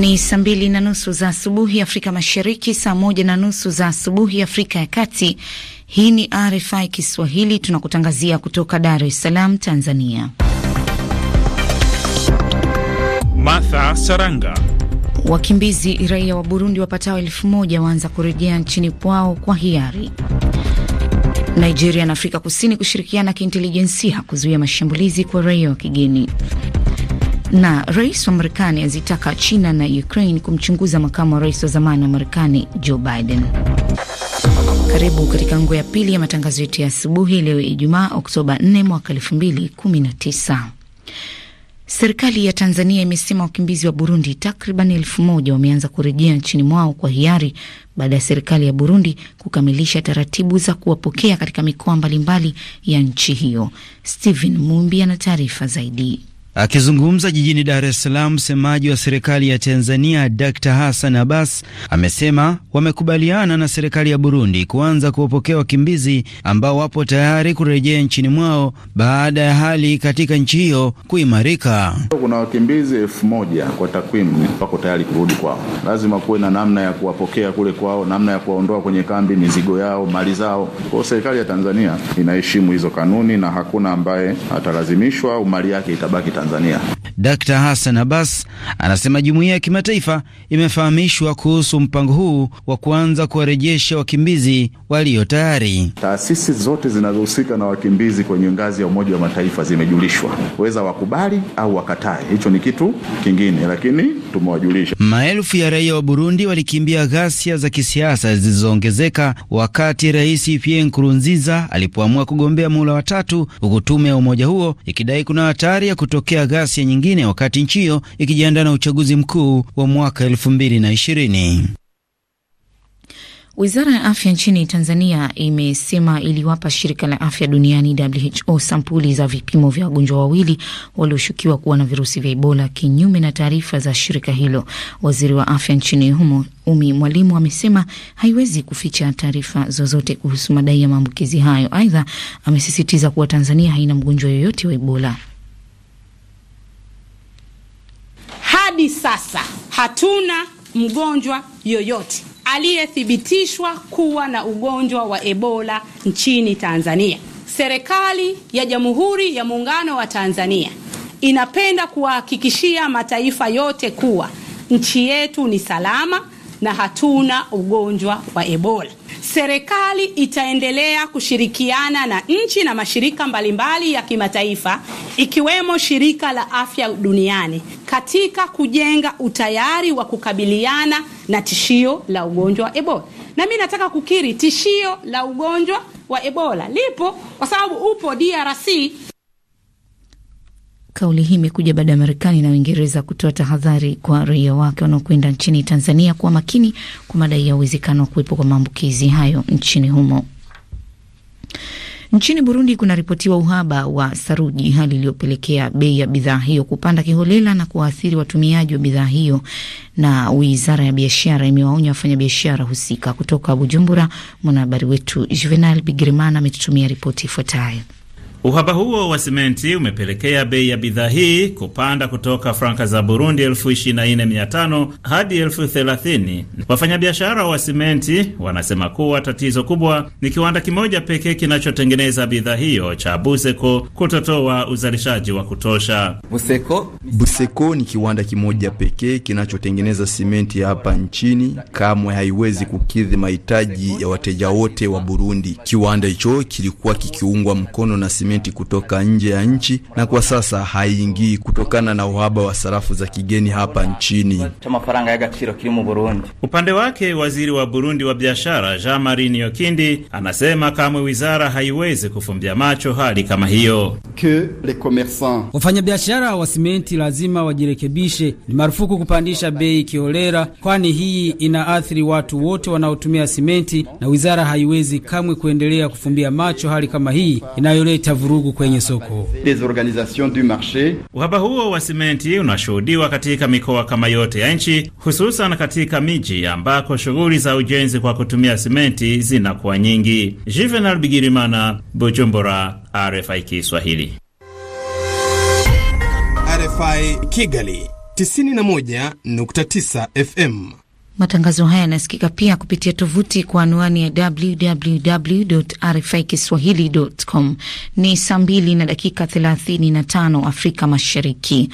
Ni saa mbili na nusu za asubuhi Afrika Mashariki, saa moja na nusu za asubuhi Afrika ya Kati. Hii ni RFI Kiswahili, tunakutangazia kutoka Dar es Salaam, Tanzania. Martha Saranga. Wakimbizi raia wa Burundi wapatao elfu moja waanza kurejea nchini kwao kwa hiari. Nigeria na Afrika Kusini kushirikiana kiintelijensia kuzuia mashambulizi kwa raia wa kigeni. Na rais wa Marekani azitaka China na Ukraine kumchunguza makamu wa rais wa zamani wa Marekani Joe Biden. Karibu katika nguo ya pili ya matangazo yetu ya asubuhi leo Ijumaa, Oktoba 4 mwaka 2019. Serikali ya Tanzania imesema wakimbizi wa Burundi takriban elfu moja wameanza kurejea nchini mwao kwa hiari baada ya serikali ya Burundi kukamilisha taratibu za kuwapokea katika mikoa mbalimbali ya nchi hiyo. Stephen Mumbi ana taarifa zaidi. Akizungumza jijini Dar es Salaam, msemaji wa serikali ya Tanzania Dr Hassan Abbas amesema wamekubaliana na serikali ya Burundi kuanza kuwapokea wakimbizi ambao wapo tayari kurejea nchini mwao baada ya hali katika nchi hiyo kuimarika. Kuna wakimbizi elfu moja kwa takwimu wako tayari kurudi kwao. Lazima kuwe na namna ya kuwapokea kule kwao, namna ya kuwaondoa kwenye kambi, mizigo yao, mali zao. Kwao serikali ya Tanzania inaheshimu hizo kanuni na hakuna ambaye atalazimishwa au mali yake itabaki Tanzania. Tanzania. Dkt Hassan Abbas anasema jumuiya ya kimataifa imefahamishwa kuhusu mpango huu wa kuanza kuwarejesha wakimbizi walio tayari. Taasisi zote zinazohusika na wakimbizi kwenye ngazi ya Umoja wa Mataifa zimejulishwa, weza wakubali au wakatae, hicho ni kitu kingine, lakini tumewajulisha. Maelfu ya raia wa Burundi walikimbia ghasia za kisiasa zilizoongezeka wakati Rais Pierre Nkurunziza alipoamua kugombea muhula watatu, huku tume ya umoja huo ikidai kuna hatari ya kutokea kuchochea ghasia nyingine wakati nchi hiyo ikijiandaa na uchaguzi mkuu wa mwaka elfu mbili na ishirini. Wizara ya afya nchini Tanzania imesema iliwapa shirika la afya duniani WHO sampuli za vipimo vya wagonjwa wawili walioshukiwa kuwa na virusi vya Ebola, kinyume na taarifa za shirika hilo. Waziri wa afya nchini humo Umi Mwalimu amesema haiwezi kuficha taarifa zozote kuhusu madai ya maambukizi hayo. Aidha, amesisitiza kuwa Tanzania haina mgonjwa yoyote wa Ebola hadi sasa hatuna mgonjwa yoyote aliyethibitishwa kuwa na ugonjwa wa Ebola nchini Tanzania. Serikali ya Jamhuri ya Muungano wa Tanzania inapenda kuwahakikishia mataifa yote kuwa nchi yetu ni salama na hatuna ugonjwa wa Ebola serikali itaendelea kushirikiana na nchi na mashirika mbalimbali ya kimataifa ikiwemo shirika la afya duniani katika kujenga utayari wa kukabiliana na tishio la ugonjwa wa Ebola. Na mimi nataka kukiri tishio la ugonjwa wa Ebola lipo kwa sababu upo DRC Kauli hii imekuja baada ya Marekani na Uingereza kutoa tahadhari kwa raia wake wanaokwenda nchini Tanzania kuwa makini kwa madai ya uwezekano wa kuwepo kwa maambukizi hayo nchini humo. Nchini Burundi kunaripotiwa uhaba wa saruji, hali iliyopelekea bei ya bidhaa hiyo kupanda kiholela na kuwaathiri watumiaji wa bidhaa hiyo, na wizara ya biashara imewaonya wafanyabiashara husika. Kutoka Bujumbura, mwanahabari wetu Juvenal Bigirimana ametutumia ripoti ifuatayo. Uhaba huo wa simenti umepelekea bei ya bidhaa hii kupanda kutoka franka za Burundi elfu hadi elfu Wafanyabiashara wa simenti wanasema kuwa tatizo kubwa ni kiwanda kimoja pekee kinachotengeneza bidhaa hiyo cha Buseko kutotoa uzalishaji wa kutosha. Buseko, Buseko ni kiwanda kimoja pekee kinachotengeneza simenti hapa nchini, kamwe haiwezi kukidhi mahitaji ya wateja wote wa Burundi. Kiwanda hicho kilikuwa kikiungwa mkono na simenti simenti kutoka nje ya nchi na kwa sasa haiingii kutokana na uhaba wa sarafu za kigeni hapa nchini. Upande wake waziri wa Burundi wa biashara Jean Marie Niyokindi anasema kamwe wizara haiwezi kufumbia macho hali kama hiyo. Wafanyabiashara wa simenti lazima wajirekebishe. Ni marufuku kupandisha bei kiholela, kwani hii inaathiri watu wote wanaotumia simenti, na wizara haiwezi kamwe kuendelea kufumbia macho hali kama hii inayoleta vurugu kwenye soko. Uhaba huo wa simenti unashuhudiwa katika mikoa kama yote ya nchi, hususan katika miji ambako shughuli za ujenzi kwa kutumia simenti zinakuwa nyingi. Juvenal Bigirimana, Bujumbura, RFI Kiswahili. RFI Kigali 91.9 FM. Matangazo haya yanasikika pia kupitia tovuti kwa anwani ya www RFI kiswahilicom. Ni saa mbili na dakika thelathini na tano Afrika Mashariki.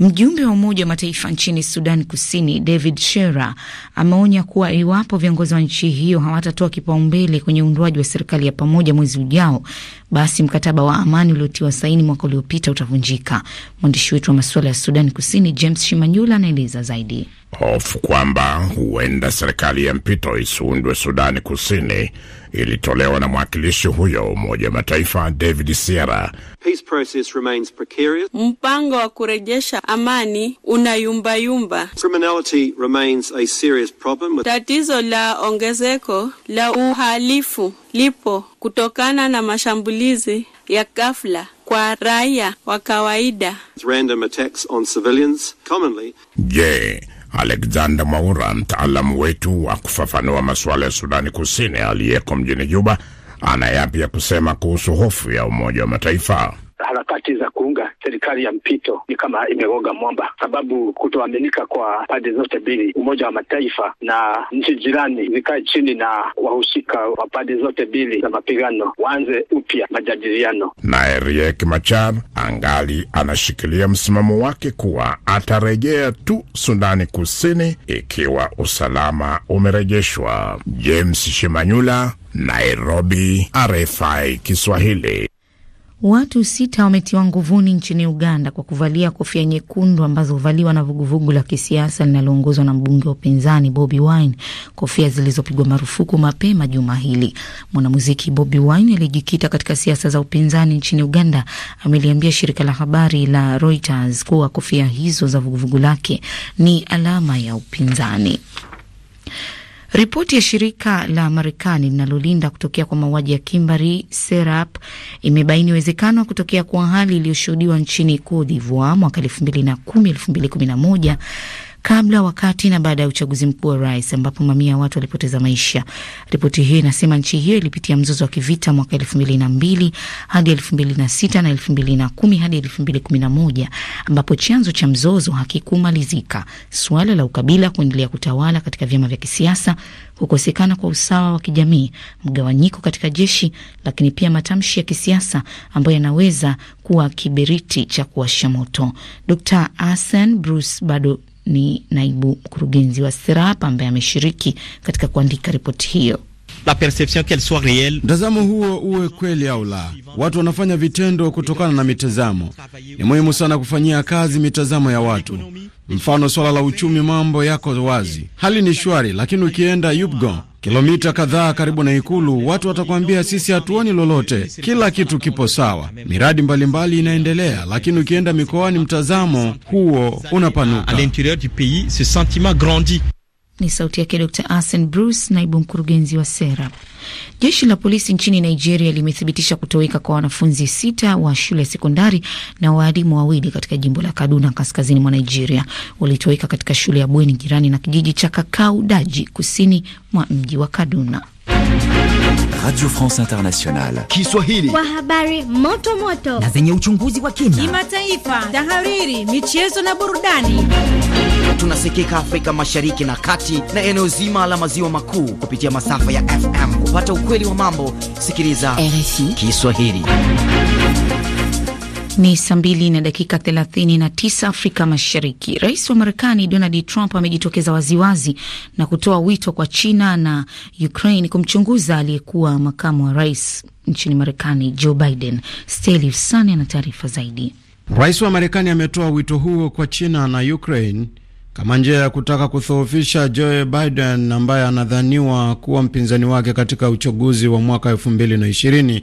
Mjumbe wa Umoja wa Mataifa nchini Sudan Kusini, David Shera, ameonya kuwa iwapo viongozi wa nchi hiyo hawatatoa kipaumbele kwenye uundwaji wa serikali ya pamoja mwezi ujao, basi mkataba wa amani uliotiwa saini mwaka uliopita utavunjika. Mwandishi wetu wa masuala ya Sudani Kusini James Shimanyula anaeleza zaidi. Hofu kwamba huenda serikali ya mpito isiundwe Sudani Kusini ilitolewa na mwakilishi huyo Umoja wa Mataifa David Sierra. Peace process remains precarious. Mpango wa kurejesha amani unayumbayumba. Criminality remains a serious problem tatizo la ongezeko la uhalifu lipo kutokana na mashambulizi ya ghafla kwa raia wa kawaida. Random attacks on civilians commonly. Je, Alexander Mwaura mtaalamu wetu wa kufafanua masuala ya Sudani Kusini aliyeko mjini Juba ana yapi ya kusema kuhusu hofu ya Umoja wa Mataifa? harakati za kuunga serikali ya mpito ni kama imegonga mwamba, sababu kutoaminika kwa pande zote mbili, Umoja wa Mataifa na nchi jirani zikae chini na wahusika wa pande zote mbili za mapigano waanze upya majadiliano. Naye Riek Machar angali anashikilia msimamo wake kuwa atarejea tu Sudani Kusini ikiwa usalama umerejeshwa. James Shimanyula, Nairobi, RFI Kiswahili. Watu sita wametiwa nguvuni nchini Uganda kwa kuvalia kofia nyekundu ambazo huvaliwa na vuguvugu la kisiasa linaloongozwa na mbunge wa upinzani Bobi Wine, kofia zilizopigwa marufuku mapema juma hili. Mwanamuziki Bobi Wine aliyejikita katika siasa za upinzani nchini Uganda ameliambia shirika la habari la Reuters kuwa kofia hizo za vuguvugu lake ni alama ya upinzani. Ripoti ya shirika la Marekani linalolinda kutokea kwa mauaji ya kimbari SERAP imebaini uwezekano wa kutokea kwa hali iliyoshuhudiwa nchini Cote d'Ivoire mwaka elfu mbili na kumi elfu mbili kumi na moja kabla, wakati na baada ya uchaguzi mkuu wa rais ambapo mamia ya watu walipoteza maisha. Ripoti hiyo inasema nchi hiyo ilipitia mzozo wa kivita mwaka elfu mbili na mbili hadi elfu mbili na sita na elfu mbili na kumi hadi elfu mbili kumi na moja ambapo chanzo cha mzozo hakikumalizika, suala la ukabila kuendelea kutawala katika vyama vya kisiasa, kukosekana kwa usawa wa kijamii, mgawanyiko katika jeshi, lakini pia matamshi ya kisiasa ambayo yanaweza kuwa kiberiti cha kuwasha moto. Dr Asen Bruce bado ni naibu mkurugenzi wa SERAP ambaye ameshiriki katika kuandika ripoti hiyo la perception qu'elle soit réelle. Mtazamo huo uwe kweli au la, watu wanafanya vitendo kutokana na mitazamo. Ni muhimu sana kufanyia kazi mitazamo ya watu. Mfano, swala la uchumi, mambo yako wazi, hali ni shwari, lakini ukienda Yupgon kilomita kadhaa karibu na ikulu, watu watakwambia sisi hatuoni lolote, kila kitu kipo sawa, miradi mbalimbali mbali inaendelea. Lakini ukienda mikoani, mtazamo huo unapanuka. Ni sauti yake Dr Asen Bruce, naibu mkurugenzi wa sera. Jeshi la polisi nchini Nigeria limethibitisha kutoweka kwa wanafunzi sita wa shule ya sekondari na waalimu wawili katika jimbo la Kaduna, kaskazini mwa Nigeria. Walitoweka katika shule ya bweni jirani na kijiji cha Kakau Daji, kusini mwa mji wa Kaduna. Radio France Internationale Kiswahili, kwa habari moto moto na zenye uchunguzi wa kina, kimataifa, tahariri, michezo na burudani tunasikika Afrika Mashariki na Kati na eneo zima la maziwa makuu kupitia masafa ya FM. Kupata ukweli wa mambo, sikiliza RFI Kiswahili. Ni saa mbili na dakika 39 Afrika Mashariki. Rais wa Marekani Donald Trump amejitokeza waziwazi na kutoa wito kwa China na Ukraine kumchunguza aliyekuwa makamu wa rais nchini Marekani Joe Biden. Steli Usani ana taarifa zaidi. Rais wa Marekani ametoa wito huo kwa China na Ukraine kama njia ya kutaka kudhoofisha Joe Biden ambaye anadhaniwa kuwa mpinzani wake katika uchaguzi wa mwaka elfu mbili na ishirini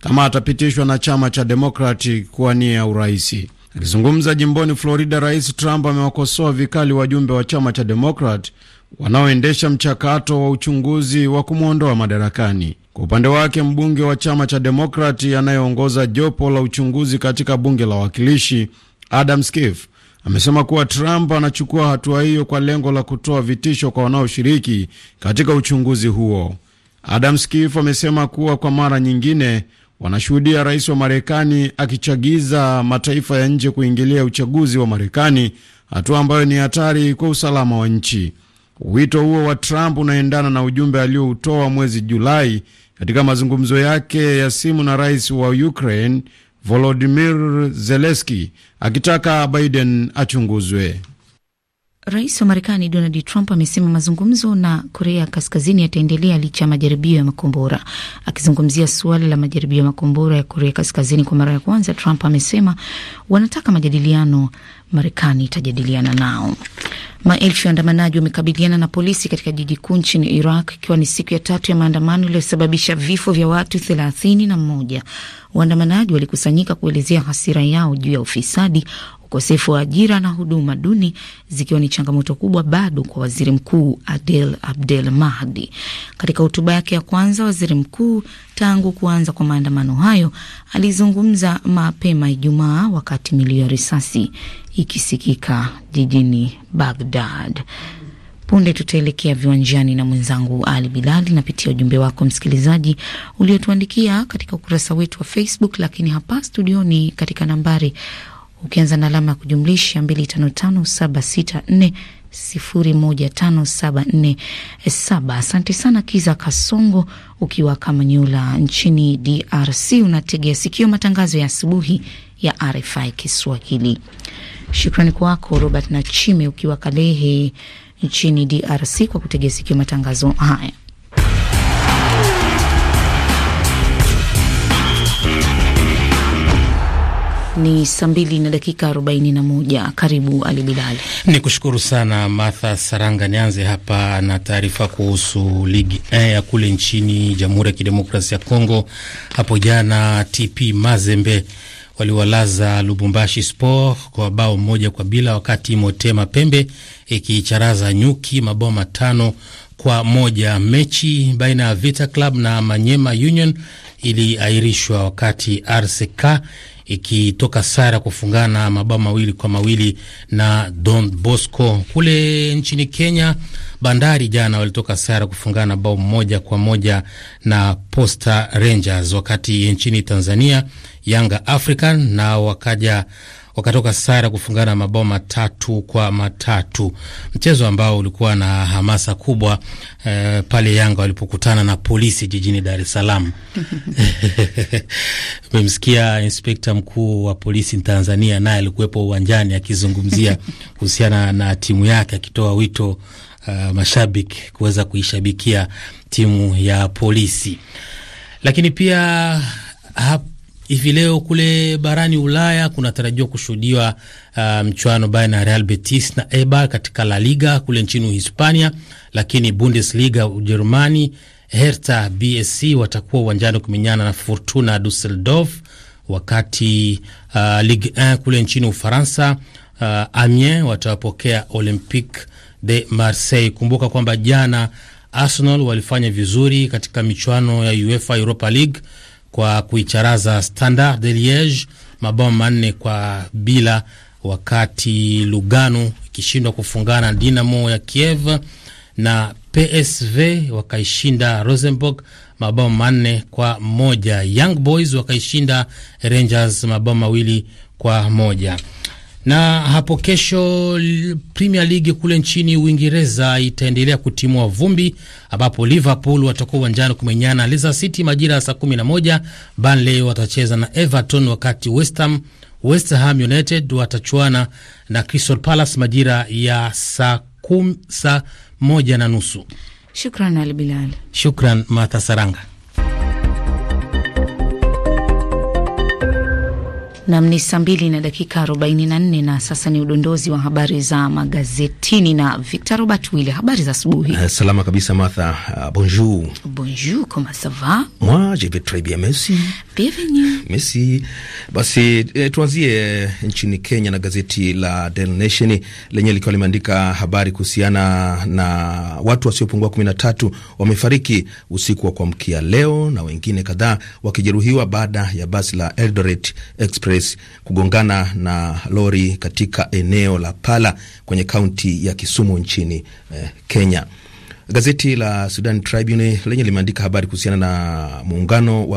kama atapitishwa na chama cha Demokrati kuwania uraisi. Akizungumza jimboni Florida, Rais Trump amewakosoa vikali wajumbe wa chama cha Demokrat wanaoendesha mchakato wa uchunguzi wa kumwondoa madarakani. Kwa upande wake, mbunge wa chama cha Demokrati anayeongoza jopo la uchunguzi katika bunge la wawakilishi Adam Schiff amesema kuwa Trump anachukua hatua hiyo kwa lengo la kutoa vitisho kwa wanaoshiriki katika uchunguzi huo. Adam Schiff amesema kuwa kwa mara nyingine wanashuhudia rais wa Marekani akichagiza mataifa ya nje kuingilia uchaguzi wa Marekani, hatua ambayo ni hatari kwa usalama wa nchi. Wito huo wa Trump unaendana na ujumbe alioutoa mwezi Julai katika mazungumzo yake ya simu na rais wa Ukraine Volodimir Zelenski akitaka Biden achunguzwe. Rais wa Marekani Donald Trump amesema mazungumzo na Korea Kaskazini yataendelea licha ya majaribio ya makombora. Akizungumzia suala la majaribio ya makombora ya Korea Kaskazini kwa mara ya kwanza, Trump amesema wanataka majadiliano, Marekani itajadiliana nao. Maelfu ya waandamanaji wamekabiliana na polisi katika jiji kuu nchini Iraq, ikiwa ni siku ya tatu ya maandamano yaliyosababisha vifo vya watu thelathini na mmoja. Waandamanaji walikusanyika kuelezea hasira yao juu ya ufisadi ukosefu wa ajira na huduma duni zikiwa ni changamoto kubwa bado kwa waziri mkuu Adel Abdel Mahdi. Katika hotuba yake ya kwanza, waziri mkuu tangu kuanza kwa maandamano hayo alizungumza mapema Ijumaa wakati milio ya risasi ikisikika jijini Baghdad. Punde tutaelekea viwanjani na mwenzangu Ali Bilali. Napitia ujumbe wako msikilizaji uliotuandikia katika ukurasa wetu wa Facebook, lakini hapa studioni katika nambari ukianza na alama ya kujumlisha 255764015747. Asante sana Kiza Kasongo, ukiwa Kamanyola nchini DRC. Unategea sikio matangazo ya asubuhi ya RFI Kiswahili. Shukrani kwako Robert Nachime, ukiwa Kalehe nchini DRC, kwa kutegea sikio matangazo haya. Ni saa mbili na dakika arobaini na moja. Karibu Ali Bilali. Ni kushukuru sana Martha Saranga. Nianze hapa na taarifa kuhusu ligi eh, ya kule nchini Jamhuri ya Kidemokrasia ya Kongo. Hapo jana TP Mazembe waliwalaza Lubumbashi Sport kwa bao moja kwa bila, wakati Motema Pembe ikicharaza nyuki mabao matano kwa moja. Mechi baina ya Vita Club na Manyema Union iliahirishwa wakati RCK ikitoka sara kufungana mabao mawili kwa mawili na Don Bosco. Kule nchini Kenya, Bandari jana walitoka sara kufungana bao moja kwa moja na Posta Rangers, wakati nchini Tanzania Yanga African na wakaja wakatoka sare kufungana mabao matatu kwa matatu, mchezo ambao ulikuwa na hamasa kubwa e, pale Yanga walipokutana na polisi jijini Dar es Salaam. Memsikia inspekta mkuu wa polisi Tanzania, naye alikuwepo uwanjani akizungumzia kuhusiana na timu yake akitoa wito Uh, mashabiki kuweza kuishabikia timu ya polisi, lakini pia hap, Hivi leo kule barani Ulaya kunatarajiwa kushuhudiwa uh, mchuano baina ya Real Betis na Eibar katika La Liga kule nchini Hispania, lakini Bundesliga Ujerumani, Hertha BSC watakuwa uwanjani kumenyana na Fortuna Dusseldorf, wakati uh, Ligue 1 kule nchini Ufaransa, uh, Amiens watawapokea Olympique de Marseille. Kumbuka kwamba jana Arsenal walifanya vizuri katika michuano ya UEFA Europa League kwa kuicharaza Standard de Liege mabao manne kwa bila, wakati Lugano ikishindwa kufungana Dinamo ya Kiev na PSV wakaishinda Rosenborg mabao manne kwa moja. Young Boys wakaishinda Rangers mabao mawili kwa moja. Na hapo kesho Premier League kule nchini Uingereza itaendelea kutimua vumbi, ambapo Liverpool watakuwa uwanjani kumenyana Leicester City majira ya saa 11. Burnley watacheza na Everton, wakati West Ham West Ham United watachuana na Crystal Palace majira ya saa kum, saa moja na nusu. Shukran Albilal. Shukran Martha Saranga. Nam ni saa mbili na dakika 44 na sasa ni udondozi wa habari za magazetini na Victor Robert Wille. Habari za asubuhi. Uh, salama kabisa Martha. Uh, bonjour. Bonjour, comment ça va? Moi, je vais bien, merci. Bienvenue. Basi e, tuanzie eh, nchini Kenya na gazeti la Daily Nation lenye likiwa limeandika habari kuhusiana na watu wasiopungua kumi na tatu wamefariki usiku wa kuamkia leo na wengine kadhaa wakijeruhiwa baada ya basi la Eldoret Express kugongana na lori katika eneo la Pala kwenye kaunti ya Kisumu nchini eh, Kenya. Gazeti la Sudan Tribune lenye limeandika habari kuhusiana na muungano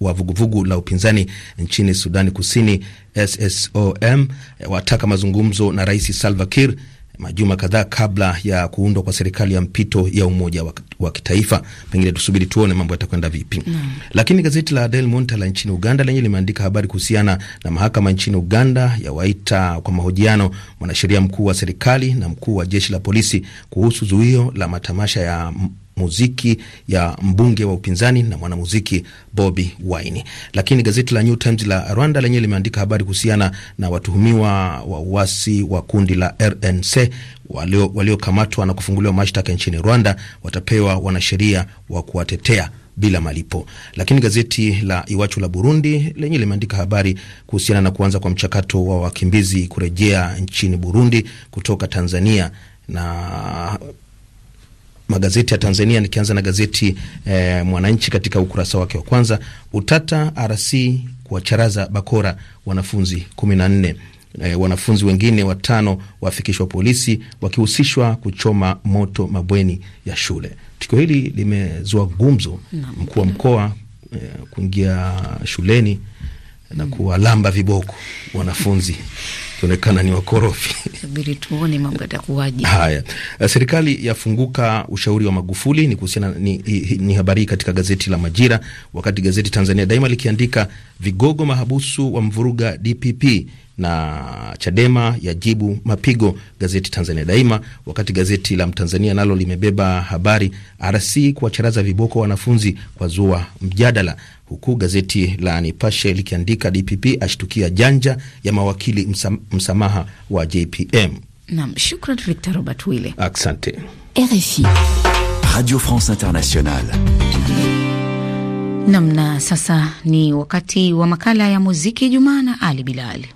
wa vuguvugu la upinzani nchini Sudani Kusini SSOM wataka mazungumzo na Rais Salva Kiir majuma kadhaa kabla ya kuundwa kwa serikali ya mpito ya umoja wa, kitaifa. Pengine tusubiri tuone mambo yatakwenda vipi. Mm. Lakini gazeti la Daily Monitor la nchini Uganda lenye limeandika habari kuhusiana na mahakama nchini Uganda yawaita kwa mahojiano mwanasheria mkuu wa serikali na mkuu wa jeshi la polisi kuhusu zuio la matamasha ya muziki ya mbunge wa upinzani na mwanamuziki Bobi Wine. Lakini gazeti la New Times la Rwanda lenyewe limeandika habari kuhusiana na watuhumiwa wa uasi wa kundi la RNC waliokamatwa walio na kufunguliwa mashtaka nchini Rwanda watapewa wanasheria wa kuwatetea bila malipo. Lakini gazeti la Iwachu la Burundi lenye limeandika habari kuhusiana na kuanza kwa mchakato wa wakimbizi kurejea nchini Burundi kutoka Tanzania na magazeti ya Tanzania, nikianza na gazeti eh, Mwananchi katika ukurasa wake wa kwanza, utata RC kuwacharaza bakora wanafunzi kumi na nne. E, eh, wanafunzi wengine watano wafikishwa polisi wakihusishwa kuchoma moto mabweni ya shule. Tukio hili limezua gumzo, mkuu wa mkoa e, kuingia shuleni na kuwalamba viboko wanafunzi wakionekana ni wakorofi. Subiri tuone mambo yatakuwaje. Haya, eh, serikali yafunguka ushauri wa Magufuli ni kuhusiana ni, ni habari hii katika gazeti la Majira, wakati gazeti Tanzania Daima likiandika vigogo mahabusu wa mvuruga DPP na Chadema yajibu mapigo, gazeti Tanzania Daima. Wakati gazeti la Mtanzania nalo limebeba habari RC kuwacharaza viboko wanafunzi kwa zua mjadala huku gazeti la Nipashe likiandika DPP ashtukia janja ya mawakili msam, msamaha wa JPM. Naam, shukran Victor Robert Wile, asante. RFI Radio France Internationale. Namna sasa ni wakati wa makala ya muziki Jumaa na Ali Bilali.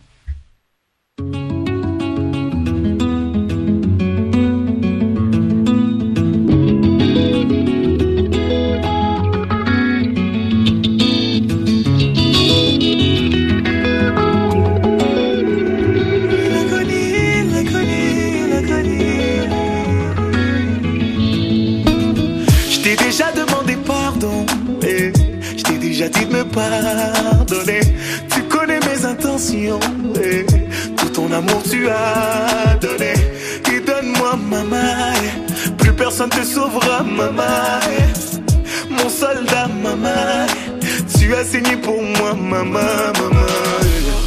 pardonner. Tu connais mes intentions tout ton amour tu as donné. Et donne-moi ma maille, plus personne te sauvera ma Mon soldat ma maille, tu as saigné pour moi maman, maman.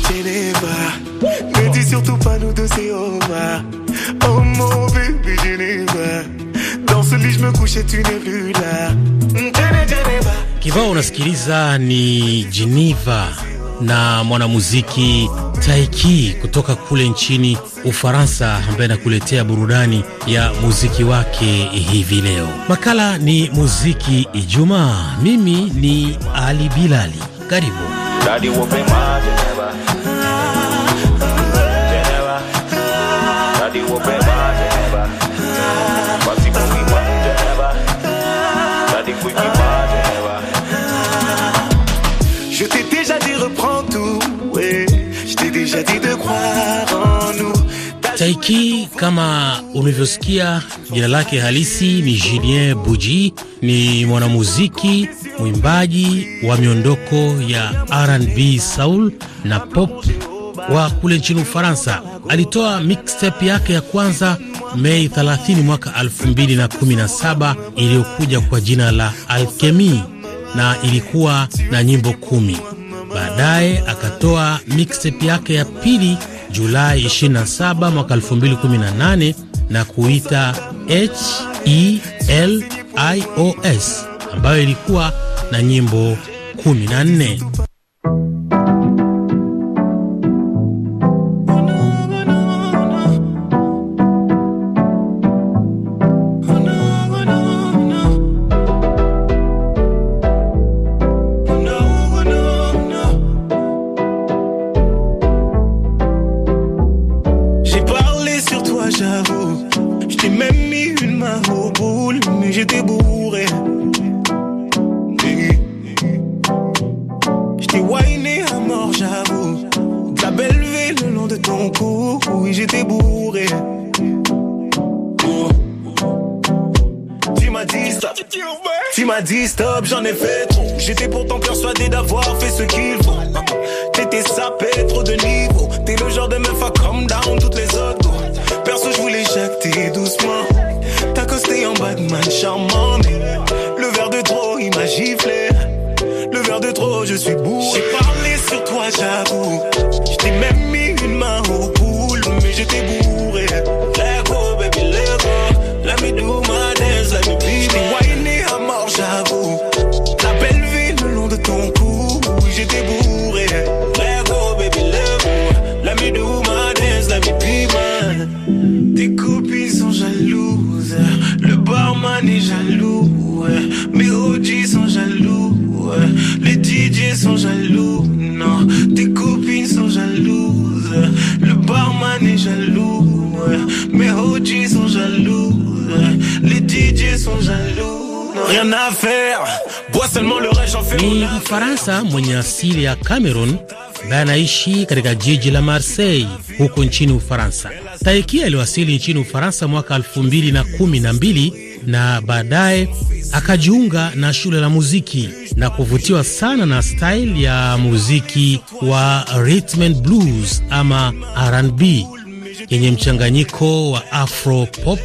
Geneva, ne dis surtout pas nous deux c'est over. Oh mon bébé Geneva, dans ce lit je me couchais tu n'es plus là. Kibao unasikiliza ni Geneva na mwanamuziki Taiki kutoka kule nchini Ufaransa, ambaye anakuletea burudani ya muziki wake hivi leo. Makala ni muziki Ijumaa. Mimi ni Ali Bilali, karibu. Taiki kama ulivyosikia jina lake halisi ni Julien Buji, ni mwanamuziki mwimbaji wa miondoko ya R&B, soul na pop wa kule nchini Ufaransa. Alitoa mixtape yake ya kwanza Mei 30 mwaka 2017 iliyokuja kwa jina la Alchemy na ilikuwa na nyimbo kumi. Baadaye akatoa mixtape yake ya pili Julai 27 mwaka 2018 na kuita Helios ambayo ilikuwa na nyimbo 14. J'ai whiné à mort, j'avoue. T'as belle le long de ton cou. Oui, j'étais bourré. Tu m'as dit stop. Tu m'as dit stop, j'en ai fait trop. J'étais pourtant persuadé d'avoir fait ce qu'il faut. T'étais sapé, trop de niveau. T'es le genre de meuf à come down toutes les autres. Perso, je voulais jacter doucement. T'as costé en man charmant. J'ai parlé sur toi, j'avoue. Je même mis une main au boule, mais j'étais bourré. ni Mfaransa mwenye asili ya Cameroon ambaye anaishi katika jiji la Marseille huko nchini Ufaransa. Taikia aliwasili nchini Ufaransa mwaka 212 na na na baadaye akajiunga na shule la muziki na kuvutiwa sana na style ya muziki wa rhythm and blues ama R&B yenye mchanganyiko wa afro pop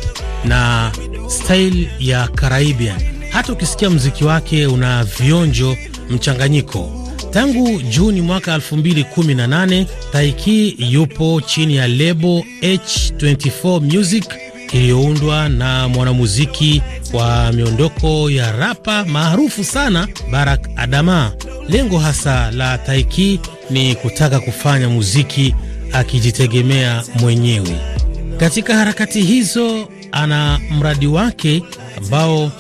na style ya Caribbean hata ukisikia mziki wake una vionjo mchanganyiko. Tangu Juni mwaka 2018 Taiki yupo chini ya lebo H24 Music iliyoundwa na mwanamuziki wa miondoko ya rapa maarufu sana Barak Adama. Lengo hasa la Taiki ni kutaka kufanya muziki akijitegemea mwenyewe. Katika harakati hizo, ana mradi wake ambao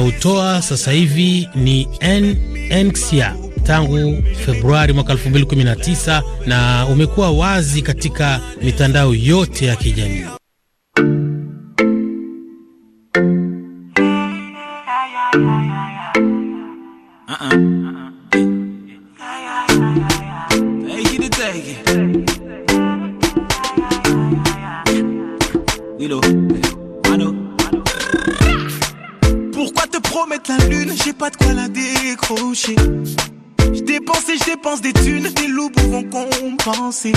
ameutoa sasa hivi ni nnxa tangu Februari mwaka 2019 na umekuwa wazi katika mitandao yote ya kijamii. Je dépense et je dépense des thunes, des loups vont compenser.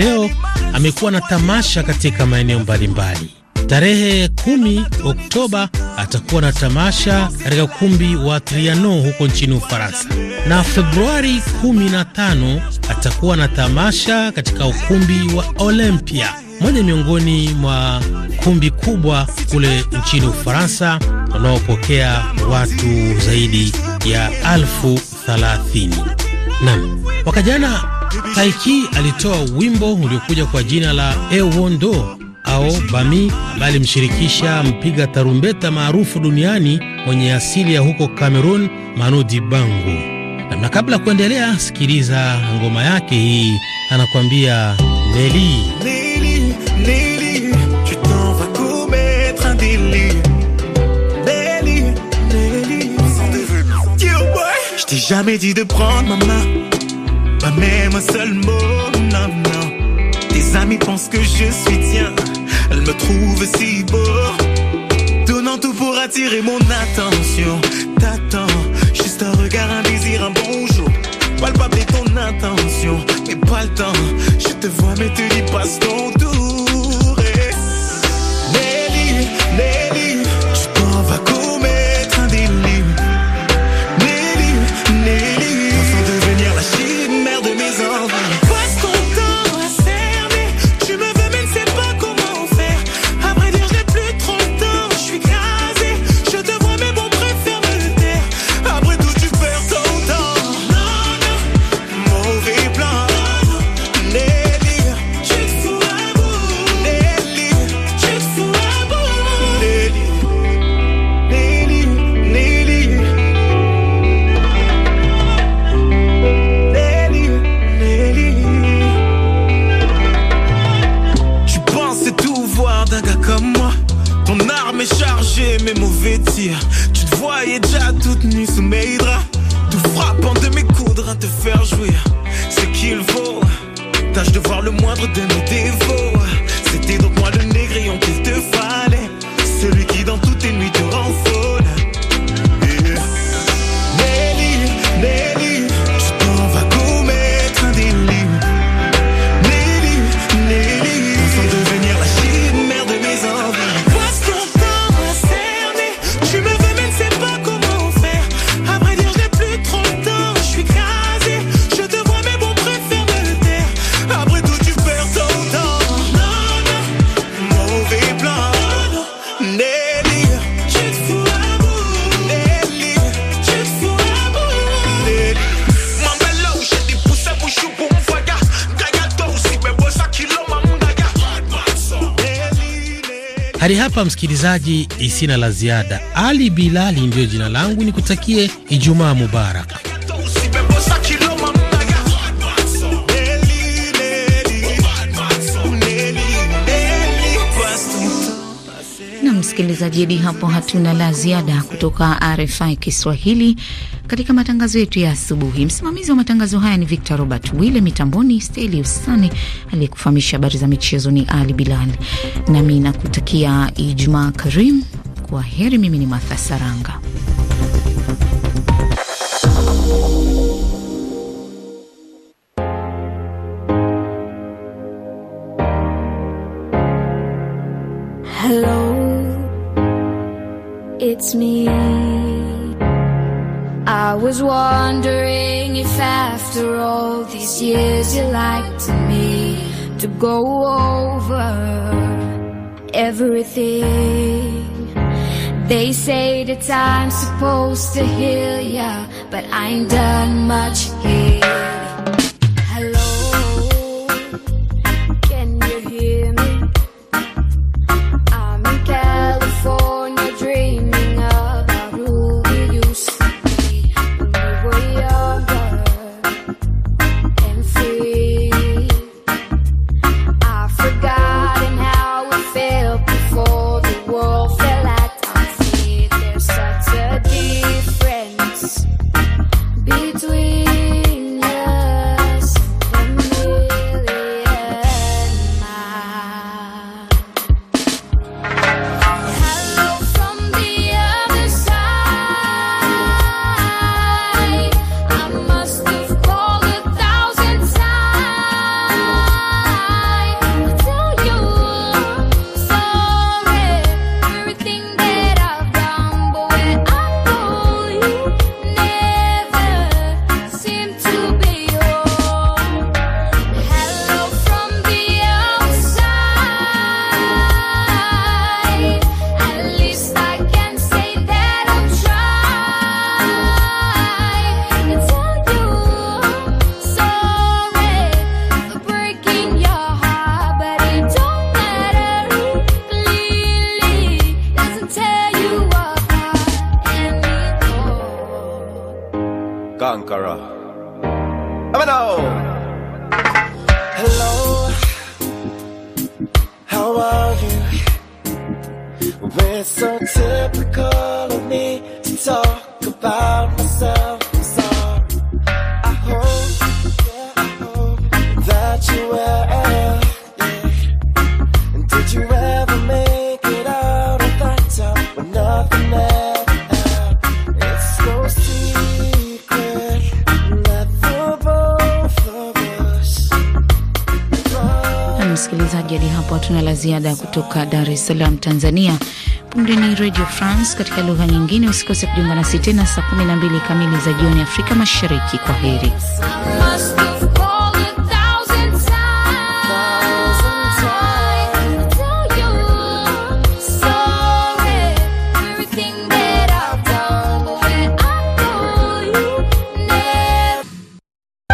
leo amekuwa na tamasha katika maeneo mbalimbali. Tarehe 10 Oktoba atakuwa na tamasha katika ukumbi wa triano huko nchini Ufaransa, na Februari 15 atakuwa na tamasha katika ukumbi wa Olympia, moja miongoni mwa kumbi kubwa kule nchini Ufaransa wanaopokea watu zaidi ya elfu thelathini. Naam, mwaka jana Taiki alitoa wimbo uliokuja kwa jina la Ewondo au Bami ambaye alimshirikisha mpiga tarumbeta maarufu duniani mwenye asili ya huko Cameroon, Manu Dibango. Na kabla ya kuendelea, sikiliza ngoma yake hii, anakuambia Neli, jamais dit de prendre ma main Pas même un seul mot, non, non. Tes amis pensent que je suis tien. Elle me trouve si beau. Donnant tout pour attirer mon attention. T'attends, juste un regard, un désir, un bonjour. Palpable ton intention, mais pas le temps. Je te vois, mais te dis pas ton Yeah. Hadi hapa msikilizaji, isina eh, la ziada. Ali Bilali ndiyo jina langu, ni kutakie Ijumaa Mubarak. msikilizaji, hadi hapo hatuna la ziada kutoka RFI Kiswahili katika matangazo yetu ya asubuhi. Msimamizi wa matangazo haya ni Victor Robert Wille, mitamboni Steli Usani, aliyekufahamisha habari za michezo ni Ali Bilal, nami nakutakia Ijumaa karimu. Kwa heri, mimi ni Martha Saranga. Hello, it's me. I was wondering if after all these years you like me to go over everything. They say that I'm supposed to heal ya, but I ain't done much here. How are you? Well, it's so typical of me to talk about myself. Hatuna la ziada kutoka Dar es Salaam, Tanzania. Punde ni Radio France katika lugha nyingine. Usikose kujiunga nasi tena saa 12 kamili za jioni Afrika Mashariki. Kwa heri.